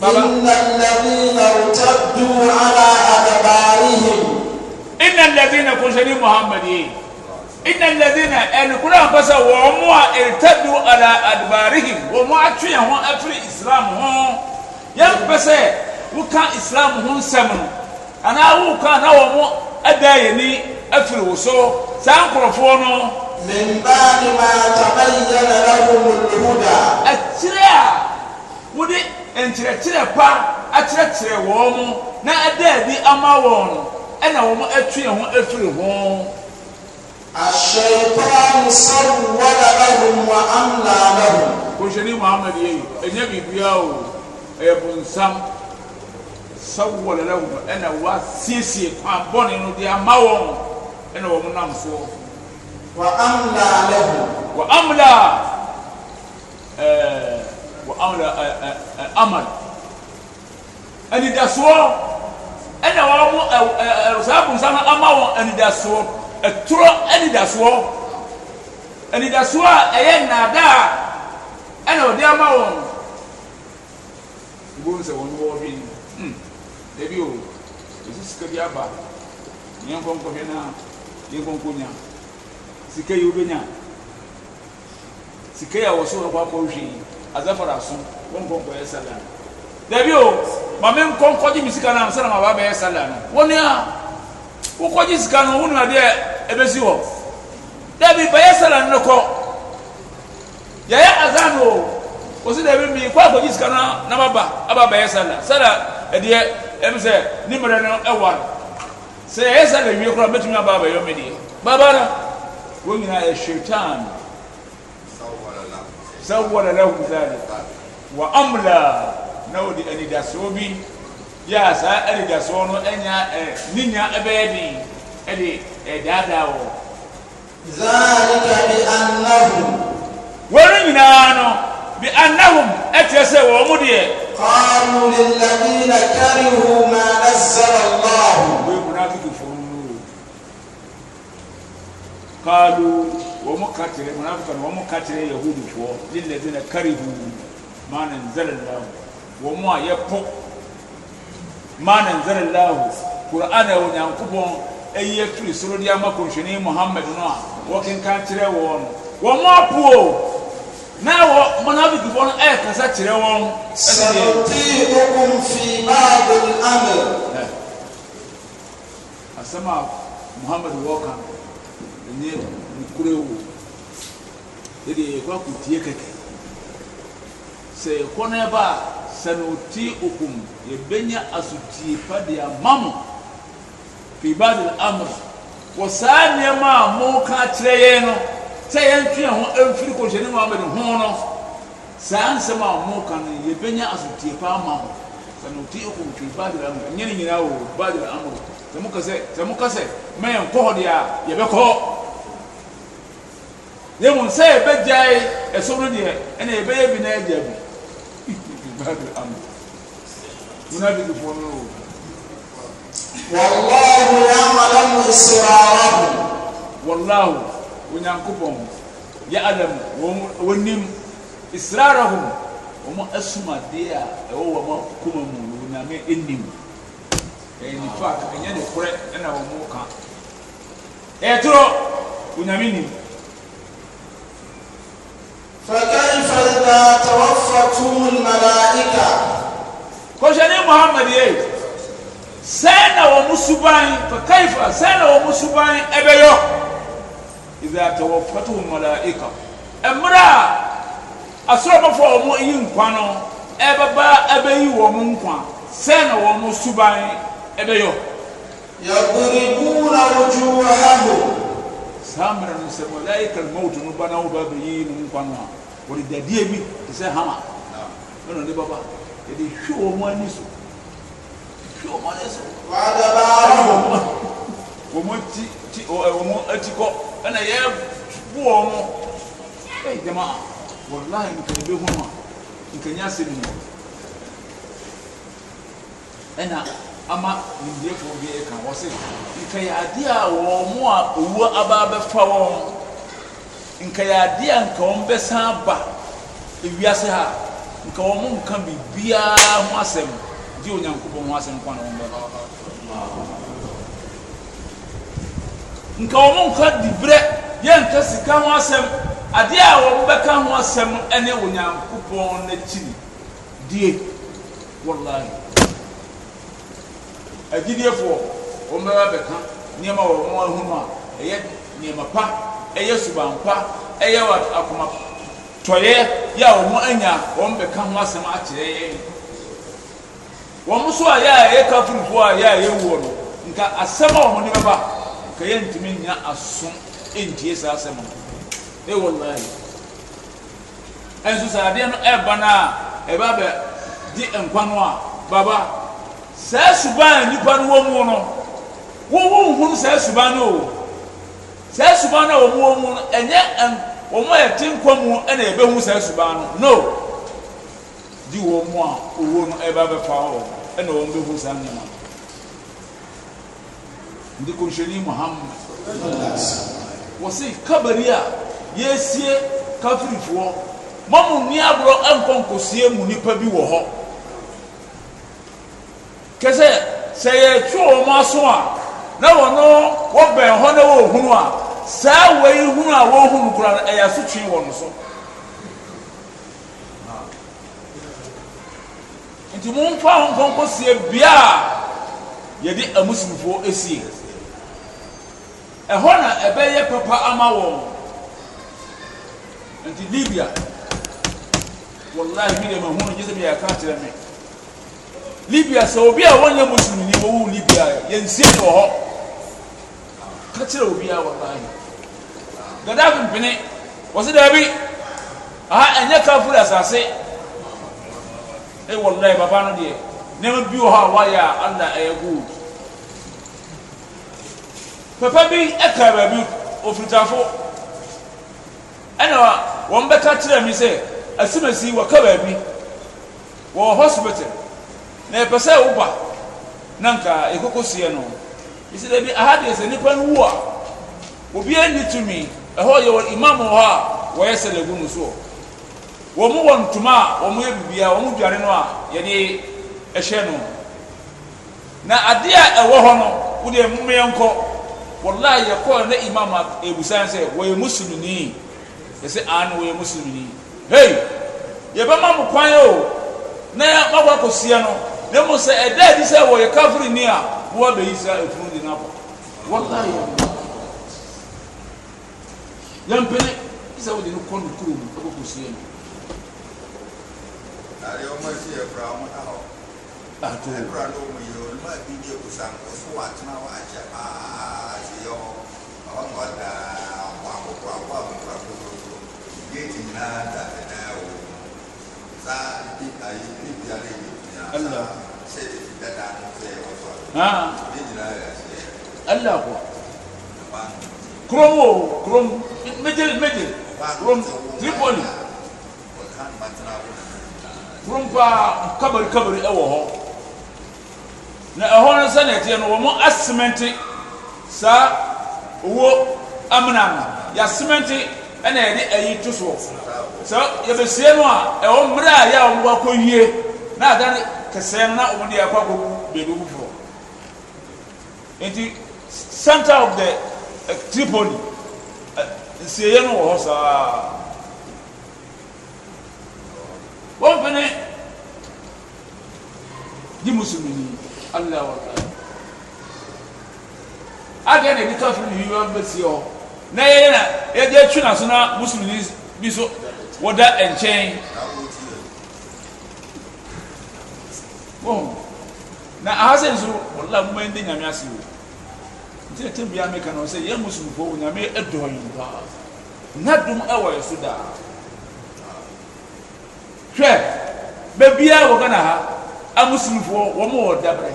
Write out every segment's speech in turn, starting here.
baba. innalladhina irtaddu ala adbarihim. innalladhina kun ṣe ni muhammad ye innalladhina ẹnukura nkọsẹ wọn mu a irtaddu ala adbarihim wọn mu atwi ho afiri islam ho yẹn pẹsẹ wuka islam ho nsẹm no anaa wuka na wọn mu ada yẹn ni afiri wò so saa nkurɔfoɔ no. min ba'di ma tabayyana lahumul huda. akyire a wòde nkyerɛkyerɛ pa akyerɛkyerɛ wɔn mo na ɛda bi ama wɔn no ɛna wɔn atwi ho afiri ho. ahyɛnpaa musawu wala ahum wa amla ahum. kòhyɛni muhammad yɛ yi ɛnyɛ biribiara o ɛyɛ bonsam sawu wala ahum ɛna wasiesie kwan bɔnne no de ama wɔn ɛna wɔn nam so. wa amla ahum. wa amla ɛɛ wɔ amadu ɛ ɛ ɛ amadu anidasoɔ ɛna wɔn mo ɛ ɛ ɛ saa abonsam ama wɔn anidasoɔ ɛturo anidasoɔ anidasoɔ a ɛyɛ nnaadaa ɛna ɔde ama wɔn ebi sɛ wɔn wɔ ɔdwi hmm ebi o esi sika bi aba nyɛ nkɔnkɔ hwɛ na nyɛ nkɔnkɔ nya sika yi o bɛ nya sika yi a wɔso wɔn akɔ akɔ hwɛ yi azafara so wọn kɔ nkɔyɛ sala dɛbi o maame nkɔ nkɔgye mi sika na ansa na ma ba bɛyɛ sala no wɔn a wokɔgye sika no wɔn nadeɛ ebesi hɔ dɛbi bɛyɛ sala no kɔ yɛyɛ azan o wosi dɛbi mi kɔ akɔgye sika no na ma ba aba bɛyɛ sala sala ɛdeɛ ɛmu sɛ ne mmerɛ no ɛwa no sɛ yɛyɛ sala wie koraa mɛtumi aba abɛyɛ ɔmɛ deɛ baba na wɔn nyinaa ɛhwɛ tan no sawwala lahu zalika wa amla na wɔde anidasoɔ bi yɛ a saa anidasoɔ no anya ɛ ne nya ɛbɛyɛ den ɛde ɛdaadaa wɔ. zaalika bi annahum. wɔn nyinaa no bi annahum ɛkyerɛ sɛ wɔn mo deɛ. qalu lilladina karihu ma nazzala allah. wɔn mu na tutu fɔm. qalu. ɔmka kyerɛ yahd ɔ lilazina karihu mannsarelahu wɔm ayɛpo manensarelahu kurane a onyankopɔn ayiatiri sorodyama kohwinni muhamad no a wɔkenka kyerɛ wɔn wɔm apo na wɔ monaficfɔno ɛɛ kɛ sa kyerɛ wɔnasɛma muhaadwɔ ka kure wo ɛdi ɛkɔ akutie kɛkɛ sɛ ɛkɔ n'ɛba sɛ n'oti okum yɛbɛnya asutie pa de ama mo fibadi amra wɔ saa nneɛma a wɔka kyerɛ yɛn no sɛ yɛn twe ho mfiri kɔhyɛni muhammed ho no saa nsɛm a wɔka no yɛbɛnya asutie pa ama mo sɛ n'oti okum fibadi amra nyɛ ne nyinaa wɔ badi amra sɛ mo kasɛ sɛ mo kasɛ mɛ yɛn kɔ hɔ deɛ yɛbɛkɔ yẹ mu nsẹ ẹbẹgya ẹsọrọ deɛ ɛna ɛbɛyɛ bi na ɛgya bi baabi amu muna bi di fún mi o. wàlláhu yàmàlẹ́mu sirarahu. wàlláhu onyankopɔn yɛ adam wɔn nim sirarahu wɔn asumadeɛ a ɛwɔ wɔn akoma mu wɔn nyame anim ɛyɛ nifa ɛnyɛ ne ɛna wɔn ka ɛyɛ toro wɔn nim. فكيف إذا توفتهم الملائكة كوشاني محمد يي سينا ومسوبان فكيف سينا ومسوبان أبيو إذا توفتهم الملائكة أمرا أسرمفو أمو إيين كوانو أبابا أبيي ومو كوان سينا ومسوبان أبيو يضربون وجوههم saa mmerɛ no sɛ malaika mawt no ba na woba bɛyi no nkwa no a wɔde dadeɛ bi te sɛ hama ɛno ne baba yɛde hwe wɔ mo ani so hwe wɔ mo ani so wɔ mo ti ti wɔ mo akyi kɔ ɛna yɛ bu wɔn mo ɛyi dɛm a wɔlae nkɛnɛ bɛhu no a nkɛnyɛ asɛm ni ɛna ama nimdeefoɔ bi ɛka wɔ se nkayaadeɛ a wɔn mo a owuo aba abɛfa wɔn nkayaadeɛ a nka wɔn bɛsan ba ewiase ha nka wɔn mo nka biribiara ho asɛm gye onyankopɔn ho asɛm kwan wɔn bɛka nka wɔn mo nka dibrɛ yɛnka sika ho asɛm adeɛ a wɔn bɛka ho asɛm ɛne onyankopɔn n'akyi die wɔlae. agyidiefoɔ wɔn bɛba bɛka nneɛma wɔ wɔn ho no a ɛyɛ nneɛma pa ɛyɛ suban pa ɛyɛ wɔ akoma tɔyɛ yɛ a wɔn anya wɔn bɛka ho asɛm akyerɛ yɛn wɔn so a yɛ a ɛyɛ kafurufoɔ a yɛ a yɛwuo no nka asɛm a wɔn de bɛba nka yɛ ntumi nya aso ntie saa asɛm no ɛwɔ lɔɛ ɛnso sɛ adeɛ no ɛreba no a ɛba bɛ di nkwa no a baba. saa suban a nipa no wɔ mu no wɔn wɔn hun saa suban no o saa suban no a wɔn wɔ mu no ɛnyɛ ɛn wɔn a yɛte nkwa mu ɛna yɛbɛhu saa suban no no di wɔn mu a owó no ɛba bɛfa wɔn ɛna wɔn bɛhu saa nneɛma ndi kɔnhyɛni muhammad wɔsi kabari a yɛsie kafirifoɔ mɔmu nni agorɔ nkɔ nkɔsie mu nipa bi wɔ hɔ kɛsɛ sɛ yɛtwe wɔn aso a na wɔn no wɔbɛn hɔ na wɔhunu a saa wei hunu a wɔhunu kura no ɛyɛ asotwe wɔn so nti mo mfa ho nkɔnkɔ sie bea a yɛde amusimfoɔ esie ɛhɔ na ɛbɛyɛ papa ama wɔn nti libya wɔlahi mi deɛ ma hunu gye sɛ mi yɛ aka kyerɛ mi libya sɛ obi a wɔnyɛ muslim ni wɔwu libya yɛnsie no wɔ hɔ ka kyerɛ obi a wɔbaayɛ gaddafi mpene wɔ se daabi aha ɛnyɛ kafiri asase e wallahi papa no deɛ nneɛma bi wɔ hɔ a wɔayɛ a allah ɛyɛ e good papa bi ɛka e baabi ofiritafo ɛna wɔn bɛka kyerɛ mi sɛ asimasi wɔka baabi wɔ hospital na ɛpɛ sɛ woba na nka ɛkoko seɛ no ɛsi dɛ bi aha deɛ sɛ nnipa no wu a obiara nni tumi ɛhɔ yɛwɔ imam wɔ hɔ a wɔyɛ sɛ lagu no soɔ wɔn wɔ ntoma a wɔn yɛ bibia wɔn mo dware no a yɛde ɛhyɛ no na adeɛ a ɛwɔ hɔ no wodeɛ mmeɛ nkɔ wɔlaa yɛkɔɔ ne imam a ebusan sɛ wɔyɛ musulmini yɛsɛ ano wɔyɛ musulmini hei yɛbɛma mo kwan o na mabɔ akɔsia no na mmom sɛ ɛda adi sɛ wɔyɛ kafirini a wɔabɛyi saa afunu de no abɔ wɔla yɛ yɛmpene sɛ wode no kɔ no kuro mu ɛkɔkɔsua no Ari ọmọ ẹsẹ ẹkura ọmọ náà ọ. Ẹkura náà ọmọ yìí ọmọ ẹbí ní ekusa nkọ fún wa tún àwọn àjẹ paa ti yọ ọ ọmọ ọdà àwọn àkókò àwọn àkókò àkókò géètì náà dàbẹ̀ náà o. Sáà bí ayé bí ìbí alẹ́ yìí. Allah ha Allah ko kurom wo kurom méjèèjì méjèèjì kurom Tripoli kurom pa kabari kabari ɛwɔ hɔ na ɛhɔ no sɛ na ɛteɛ no wɔn asemɛnte saa owó amuna yasemɛnte ɛna yɛde ɛyi to soɔ sɛ yɛbɛsie no a ɛwɔ mmerɛ a yɛ a wɔn akɔ yie na adan kesɛnna weɔk bedwu fɔ nti cente of the eh, tripoli eh, sieyɛn wɔ hɔ saa mfe i musmin alla wataaa adde di kafwbɛse hɔ n ɛyɛ yɛa twina so na musmni bi s woda nkyɛ wɔn na ahase nso wɔla mma ndi nyame ase wo nti ɛtɛ bia meka no sɛ yɛ musumfo wo nyame ɛdɔ yɛn paa na dom ɛwɔ yɛ so daa hwɛ baabiara wɔ ghana ha amusumfoɔ wɔn wɔ dabrɛ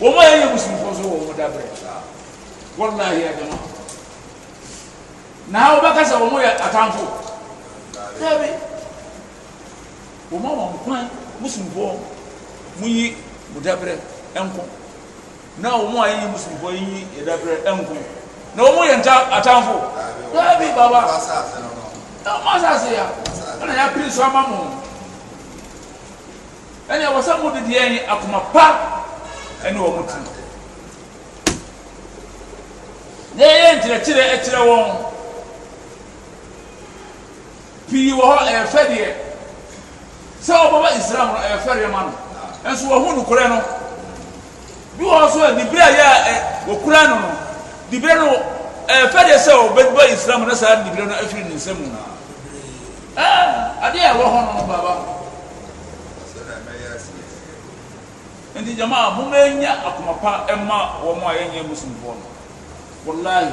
wɔn a yɛyɛ musumfoɔ nso wɔ wɔn dabrɛ wɔn na yɛ dama na wɔbɛka sɛ wɔn yɛ atamfo dabi wɔn a wɔn kwan musumfoɔ muyi mo dabrɛ nko na wɔn a yɛyi musumfoɔ yi yɛ dabrɛ nko na wɔn yɛ nta atamfo daabi baba na wɔn asase ya ɛna yɛ apiri so ama mo ɛna yɛ wɔ sɛ mo de deɛ akoma pa ɛna wɔn ti na yɛyɛ nkyerɛkyerɛ ɛkyerɛ wɔn pii wɔ hɔ ɛyɛ fɛ deɛ sɛ wɔbɛba islam no ɛyɛ fɛre ma no nso wɔho nokorɛ no bi wɔ so a dibere a yɛ a wɔkura no no dibere no ɛyɛ fɛre sɛ wɔbɛba islam no saa dibere no afiri ne nsam no adeɛ a ɛwɔ hɔ no no baba nti jamaa mo ma nya akoma pa ɛma wɔn a yɛnyɛ musumfoɔ no wɔlayi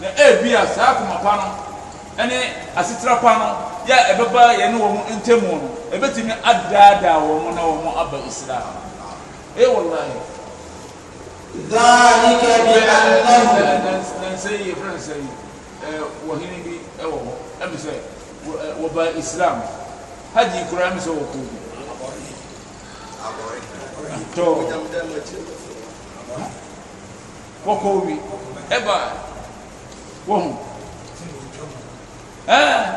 na ebi a saa akoma pa no ɛne asetera pa no yɛ ɛbɛba yɛn ne wɔn ntamu no ebetumi adaadaa wɔn na wɔn aba islam ee wɔlayi. daalika bi anahu. nansa yi efura nansa yi ɛɛ wɔhene bi ɛwɔ eh, hɔ ɛmi sɛ wɔba eh, islam hajj kura ɛmi sɛ wɔkɔ bi. tɔ wɔkɔ bi ɛba wɔhu ɛɛ.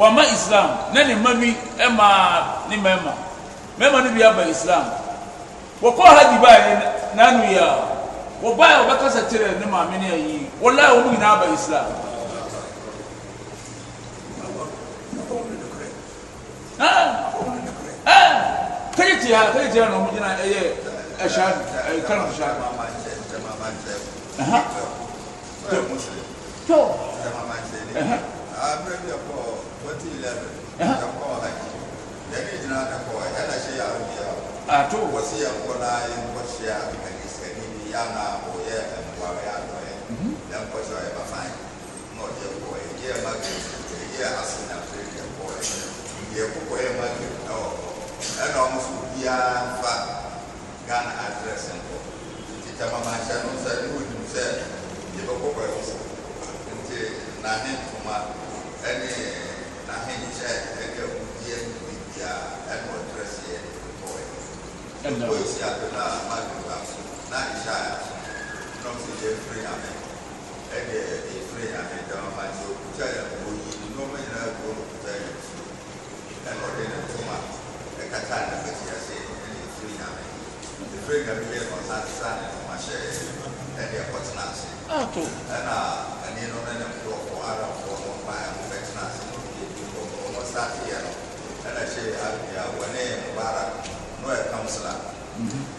wama islam na ne mma mi ma ne mmarima mmarima no bi aba islam wɔkɔ ha di baa n'ano yi a wɔbaa a wɔbɛkasa kyerɛ ne maame ne ayi wɔla a wɔn nyinaa aba islam kɛyɛ tia ha kɛyɛ tia na wɔn gyina ɛyɛ ɛhyɛn ɛyɛ kano hyɛn. tɔ tɔ a to wasu yankuna yin kwashiya a galisari yana boye a ɗanguwa ya doye don kwashiya ya ba fani mawuce koyi iya maki iya asina firke koyi ya kuka ya maki ɗawa ɗana musu biya fa gana adresin ko ita mama shanu sa ni wani musa ya ba kuka ya musu ce na ne kuma ɗani na hene kyɛ ɛka obiɛ bibia ɛna ɔtrɛ sɛ yɛ tɔɛ kɔsi ado na madura so na nhyɛ a nɔm sɛ yɛ firi nyame ɛde ɛfiri nyame dɛm ma nti okuta yɛ oyi nneɛma nyinaa gu no okuta yɛ nsuo ɛna ɔde ne ntoma ɛkata ne bɛti ase ɛna ɛfiri nyame ɛfiri nyame yɛ ɔsansa ne ntoma hyɛ ɛde ɛkɔtena ase ɛna ɛne no ne safiya no ɛna hyɛ abia wɔne mubarak na ɔyɛ councilor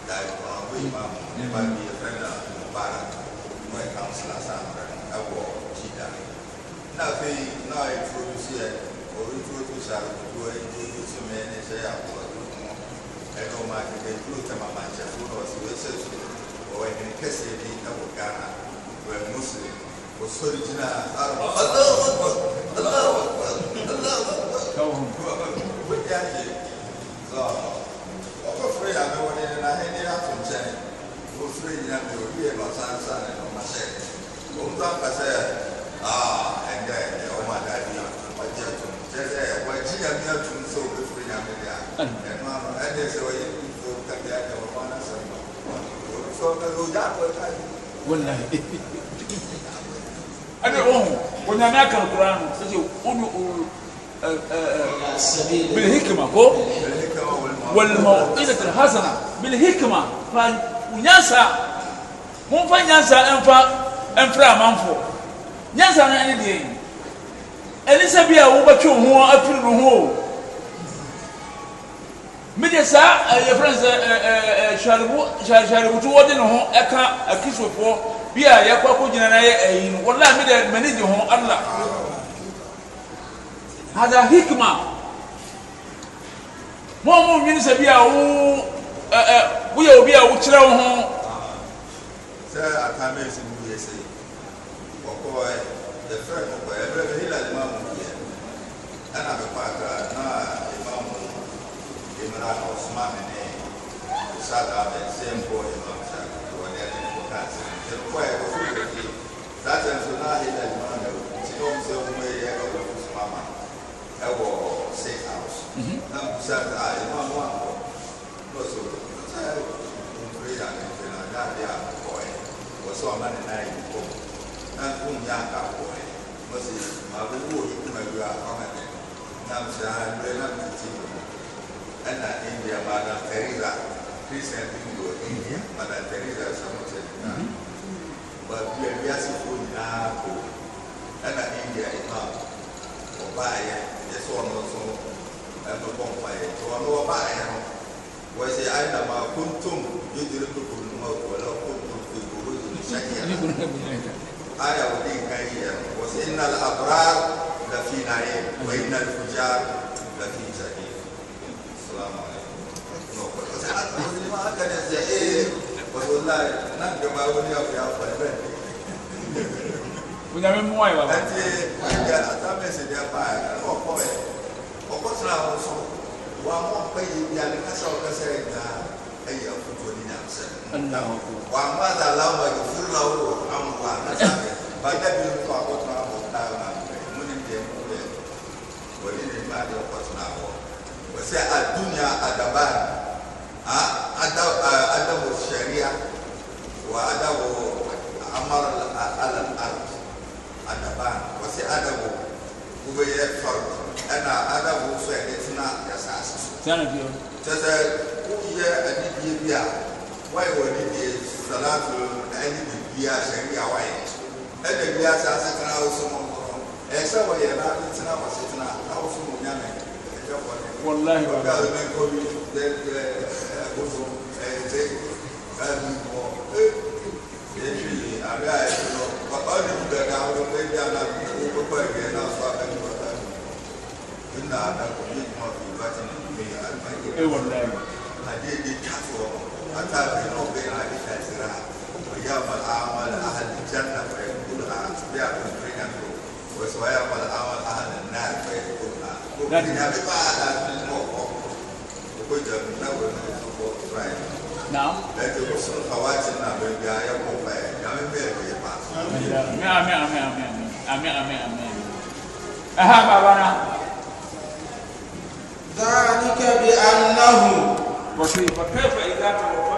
da ɔnabɔ imam ne ba bi yɛfrɛ na mubarak na ɔyɛ councilor samrɛ no ɛwɔ jida na afei na ɔyɛ introduce yɛ ɔintroduce a ɔdodoɔ introduce me ne hyɛ yɛ aboa no ɛna ɔma akeka duro tɛmamankyɛfo na ɔsɛ wɔsɛ so ɔwɔ hene kɛseɛ bi ɛwɔ ghana wɔ muslim wɔsɔre gyina arab allahu akbar allahu tɔwɔm. o di ayi lɔ ɔkɔ fure yi abe wɔde na ɛni ato nkyɛn o fure yi na mi o bi yɛ ba san san ne na ɔma hyɛ o mu san kasɛ aa ɛnda ɛnda ɔma da bi ɔgye atum kyerɛ sɛ wɔgye ya bi atum sɛ o bɛ fure yi abe de a ɛnu ano ɛdi sɛ ɔyɛ bi nso kabi ada ɔma na sɛ ɔma o bi sɛ ɔka o da akɔ ɛka yi. wɔnna ɛdi wɔn onyame akankora بالهكمة والموئدة الحسنة بالهكمة فنسى مو فنسى انفا انفرا مانفو نسى انا اني دي اليسا بيا هو بتشو هو افر هو ميدي سا أه، يا فرنسا أه، أه، شاربو شاربو تو ودن هو اكا اكيسو فو بيا يا كوكو جنانا يا اين والله ميدي منيجي هو الله hada hikma mo mo nwini sɛ bi a wo ɛ ɛ woyɛ obi a wokyerɛ wo ho. sɛ ata mɛ si mu yɛ sɛ kɔkɔ ɛ eh, the friend kɔkɔ ɛ bɛrɛ bɛ hila lima mu yɛ ɛna bɛ kɔ akra na lima mu emira na ɔsoma mi ne ɔsa ta bɛ sɛ mbɔ lima mu sa wɔ ne ɛna kɔ ka se sɛ kɔ ɛ kɔ fo kɔ fie saa kyɛn so na hila lima mu ti na ɔmu sɛ ɔmu yɛ ɛkɔ ɔmu soma ma ɛwɔ safe house na busa ta a yɛ maa mo akɔ na ɔsɛ ɔsɛ mpire yɛ akɛntɛ na adaade a kɔɛ wɔsɛ ɔma ne nan yi kɔ na nkun yɛ aka kɔɛ ɔsɛ maa bɛ wo yi kuma bi a ɔma ne na busa abirɛ na tete mu ɛna india madam teresa christian bi wɔ india madam teresa sɔmutsɛ na ba bia bi asefo nyinaa ko ɛna india imam ɔbaa yɛ ɛyɛ sɛ ɔno nso ɛnobɔ mpaeɛ nti ɔno ɔbaeɛ no wɔhyɛ ainama kuntum yɛdiri kukum no wala kuntum fi buruji no hyɛdeɛ aya wɔde nkan yɛ no wɔsɛ innal abrar lafi naim wa innal fujar lafi jahim salamu alaikum no wɔsɛ aka ne sɛ ee wɔsɛ wallahi nan gaba wani abu ya faru onyame mmoa yɛ baba ɛnti ɛyɛ atamɛsɛ deɛ paa ɛna ɔkɔ ɛ ɔkɔ tena hɔ so wamɔ mpa yɛ bi ade kasa ɔkasa yɛ nyinaa ɛyɛ afutuo ne nyamsɛ wamma da lawa yɛ furu la wo wɔ amoa nasa bada bi nto akɔtena hɔ daa ma mu ne deɛ mu yɛ wɔne ne mma de ɔkɔ tena hɔ wɔsɛ adunya adaba a ada ada wɔ sharia wa ada wɔ amara ala ala adaban wɔsi adabu wobɛyɛ fari ɛna adabu nso a yɛde tena yasa ase so. tiɲɛ bi o. kyerɛ woyɛ anidie bi a wɔyɛ wɔ anidie salatu ɛne bibi a sɛri a wɔyɛ ɛna bi ase ase tena awosom ɔmɔrɔ ɛsɛ wɔyɛ na tena wɔsi tena awosom onyame ɛfɛ wɔyɛ. walahi walahi. ɔbɛ a bɛ mɛ nkɔbi ɛɛ ɛɛ ɛɛ ɛɛ ɛɛ أعداكم منكم في باطن الدنيا أجمعين أديد كفر حتى بينهم بين عليك سراع ويوم الأعمال أهل الجنة فيقولها أصبعكم بينكم وسويوم الأعمال أهل النار فيقولها وبينها بما على في الموقف وكجا من نور من سوق إبراهيم Naam. Ẹ̀jẹ̀ kò sún kàwáàtì náà bẹ̀rẹ̀ bí ayé kò bẹ̀ ẹ̀ yàrá bẹ̀rẹ̀ bí ẹ̀ bá. Àmín àmín àmín àmín àmín àmín àmín. Ẹ̀há bàbá náà. ذلك بأنهكيفذا